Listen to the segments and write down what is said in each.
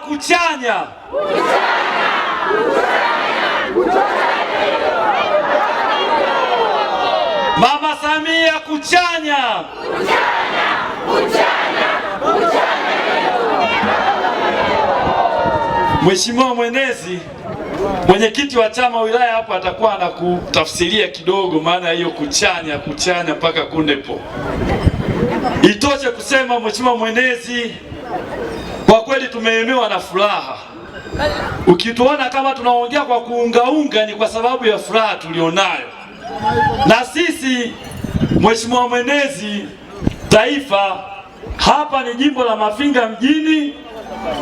kuchanya, Mama Samia kuchanya, Mheshimiwa mwenezi mwenyekiti wa chama wilaya hapa atakuwa anakutafsiria kidogo maana hiyo kuchanya kuchanya mpaka kundepo. Itoshe kusema Mheshimiwa mwenezi kweli tumeemewa na furaha. Ukituona kama tunaongea kwa kuungaunga, ni kwa sababu ya furaha tulionayo. Na sisi Mheshimiwa mwenezi taifa, hapa ni jimbo la Mafinga mjini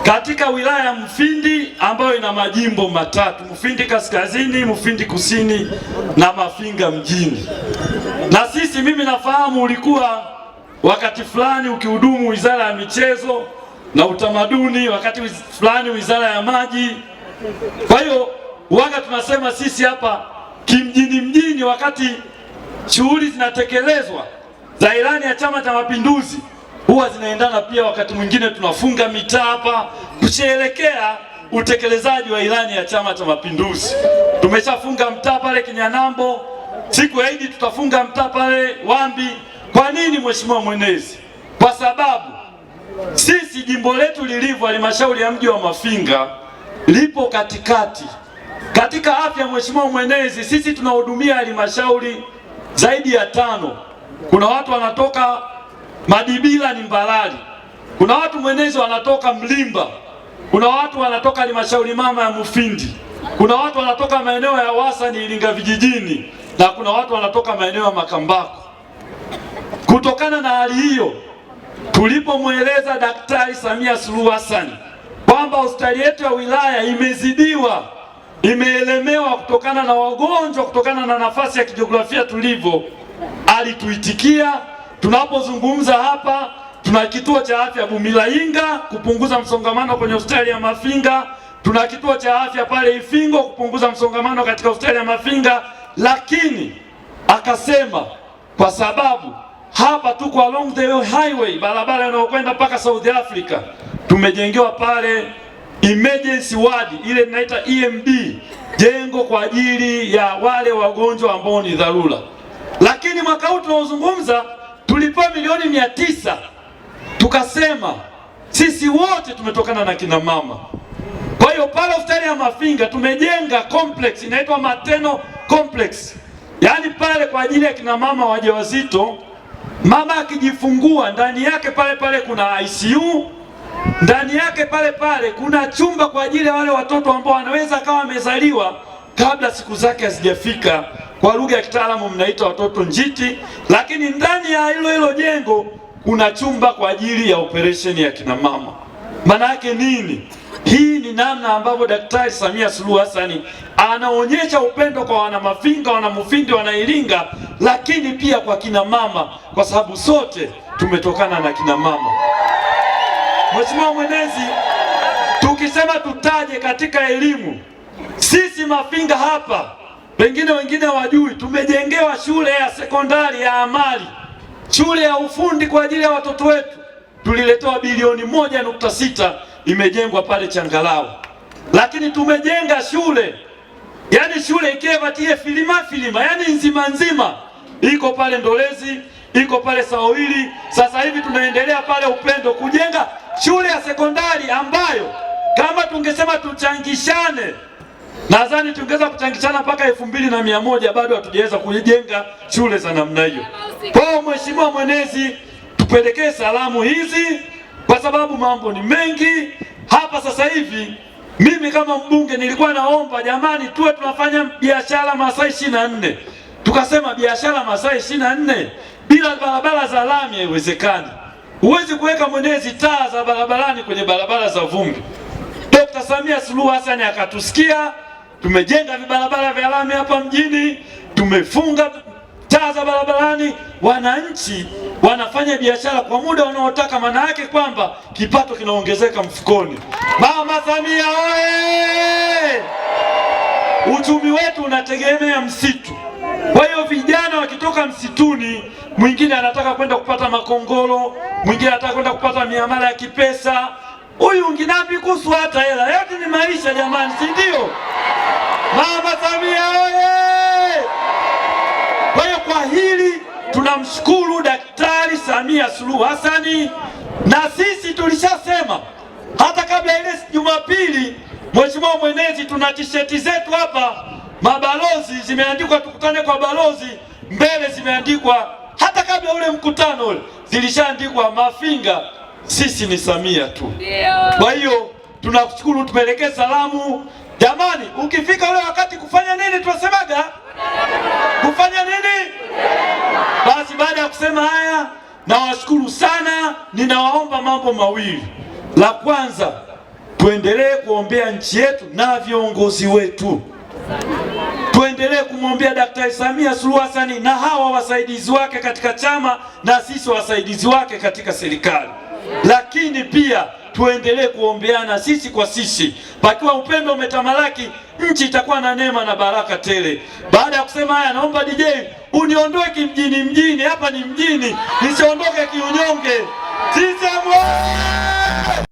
katika wilaya ya mfindi ambayo ina majimbo matatu: mfindi kaskazini, mfindi kusini na Mafinga mjini. Na sisi mimi nafahamu ulikuwa wakati fulani ukihudumu wizara ya michezo na utamaduni, wakati fulani wizara ya maji. Kwa hiyo waga tunasema sisi hapa kimjini mjini, wakati shughuli zinatekelezwa za ilani ya Chama cha Mapinduzi huwa zinaendana pia, wakati mwingine tunafunga mitaa hapa kusherekea utekelezaji wa ilani ya Chama cha Mapinduzi. Tumeshafunga mtaa pale Kinyanambo, siku ya Idi tutafunga mtaa pale Wambi. Kwa nini, Mheshimiwa Mwenezi? Kwa sababu sisi jimbo letu lilivyo, halmashauri ya mji wa Mafinga lipo katikati. Katika afya, mheshimiwa mwenezi, sisi tunahudumia halmashauri zaidi ya tano. Kuna watu wanatoka Madibila ni Mbalali, kuna watu mwenezi wanatoka Mlimba, kuna watu wanatoka halmashauri mama ya Mufindi, kuna watu wanatoka maeneo ya Wasani Iringa vijijini, na kuna watu wanatoka maeneo ya Makambako. Kutokana na hali hiyo tulipomweleza Daktari Samia Suluhu Hassan kwamba hospitali yetu ya wilaya imezidiwa, imeelemewa kutokana na wagonjwa, kutokana na nafasi ya kijiografia tulivyo, alituitikia. Tunapozungumza hapa tuna kituo cha afya Bumilainga kupunguza msongamano kwenye hospitali ya Mafinga, tuna kituo cha afya pale Ifingo kupunguza msongamano katika hospitali ya Mafinga, lakini akasema kwa sababu hapa tuko along the highway, barabara inayokwenda mpaka South Africa. Tumejengewa pale emergency ward, ile tunaita EMD, jengo kwa ajili ya wale wagonjwa ambao ni dharura. Lakini mwaka huu tunaozungumza tulipewa milioni mia tisa, tukasema sisi wote tumetokana na kina mama. Kwa hiyo pale hospitali ya Mafinga tumejenga complex inaitwa Mateno Complex, yaani pale kwa ajili ya kina mama wajawazito Mama akijifungua ndani yake pale pale kuna ICU, ndani yake pale pale kuna chumba kwa ajili ya wale watoto ambao wanaweza kama wamezaliwa kabla siku zake hazijafika, kwa lugha ya kitaalamu mnaita watoto njiti, lakini ndani ya hilo hilo jengo kuna chumba kwa ajili ya operesheni ya kinamama. Maana yake nini? Hii ni namna ambavyo Daktari Samia Suluhu Hassan anaonyesha upendo kwa wanamafinga, wanamufindi, wanairinga, lakini pia kwa kina mama, kwa sababu sote tumetokana na kina mama. Mheshimiwa mwenezi, tukisema tutaje katika elimu, sisi mafinga hapa, pengine wengine wajui, tumejengewa shule ya sekondari ya amali, shule ya ufundi kwa ajili ya watoto wetu tuliletewa bilioni moja nukta sita imejengwa pale Changalao, lakini tumejenga shule yani shule ikievatie filima filima yani nzima nzima iko pale Ndolezi iko pale Sawili. Sasa hivi tunaendelea pale Upendo kujenga shule ya sekondari ambayo kama tungesema tuchangishane, nadhani tungeweza kuchangishana mpaka elfu mbili na mia moja bado hatujaweza kujenga shule za namna hiyo. Kwa hiyo Mheshimiwa Mwenezi tupelekee salamu hizi, kwa sababu mambo ni mengi hapa sasa hivi. Mimi kama mbunge nilikuwa naomba jamani, tuwe tunafanya biashara masaa ishirini na nne tukasema biashara masaa ishirini na nne bila barabara za lami haiwezekani. Huwezi kuweka mwenezi taa za barabarani kwenye barabara za vumbi. Dkt. Samia Suluhu Hassan akatusikia, tumejenga vibarabara vya lami hapa mjini, tumefunga taa za barabarani wananchi wanafanya biashara kwa muda wanaotaka, maana yake kwamba kipato kinaongezeka mfukoni. Mama Samia oye! Uchumi wetu unategemea msitu. Kwa hiyo vijana wakitoka msituni, mwingine anataka kwenda kupata makongoro, mwingine anataka kwenda kupata miamala ya kipesa, huyu nginapi kuhusu hata hela. Yote ni maisha jamani, si ndio? Mama Samia tunamshukuru Daktari Samia Suluhu hasani na sisi tulishasema hata kabla ile Jumapili, Mheshimiwa Mwenezi, tuna tisheti zetu hapa, mabalozi zimeandikwa tukutane kwa balozi, mbele zimeandikwa hata kabla ule mkutano ule zilishaandikwa Mafinga, sisi ni Samia tu. Kwa hiyo tunakushukuru, tupelekee salamu jamani. Ukifika ule wakati kufanya nini? Tunasemaga kufanya nini? Basi baada ya kusema haya, nawashukuru sana. Ninawaomba mambo mawili. La kwanza, tuendelee kuombea nchi yetu na viongozi wetu, tuendelee kumwombea Daktari Samia Suluhu Hassan na hawa wasaidizi wake katika chama na sisi wasaidizi wake katika serikali, lakini pia tuendelee kuombeana sisi kwa sisi. Pakiwa upendo umetamalaki, nchi itakuwa na neema na baraka tele. Baada ya kusema haya, naomba DJ uniondoe kimjini mjini, hapa ni mjini, nisiondoke kiunyonge. Sisi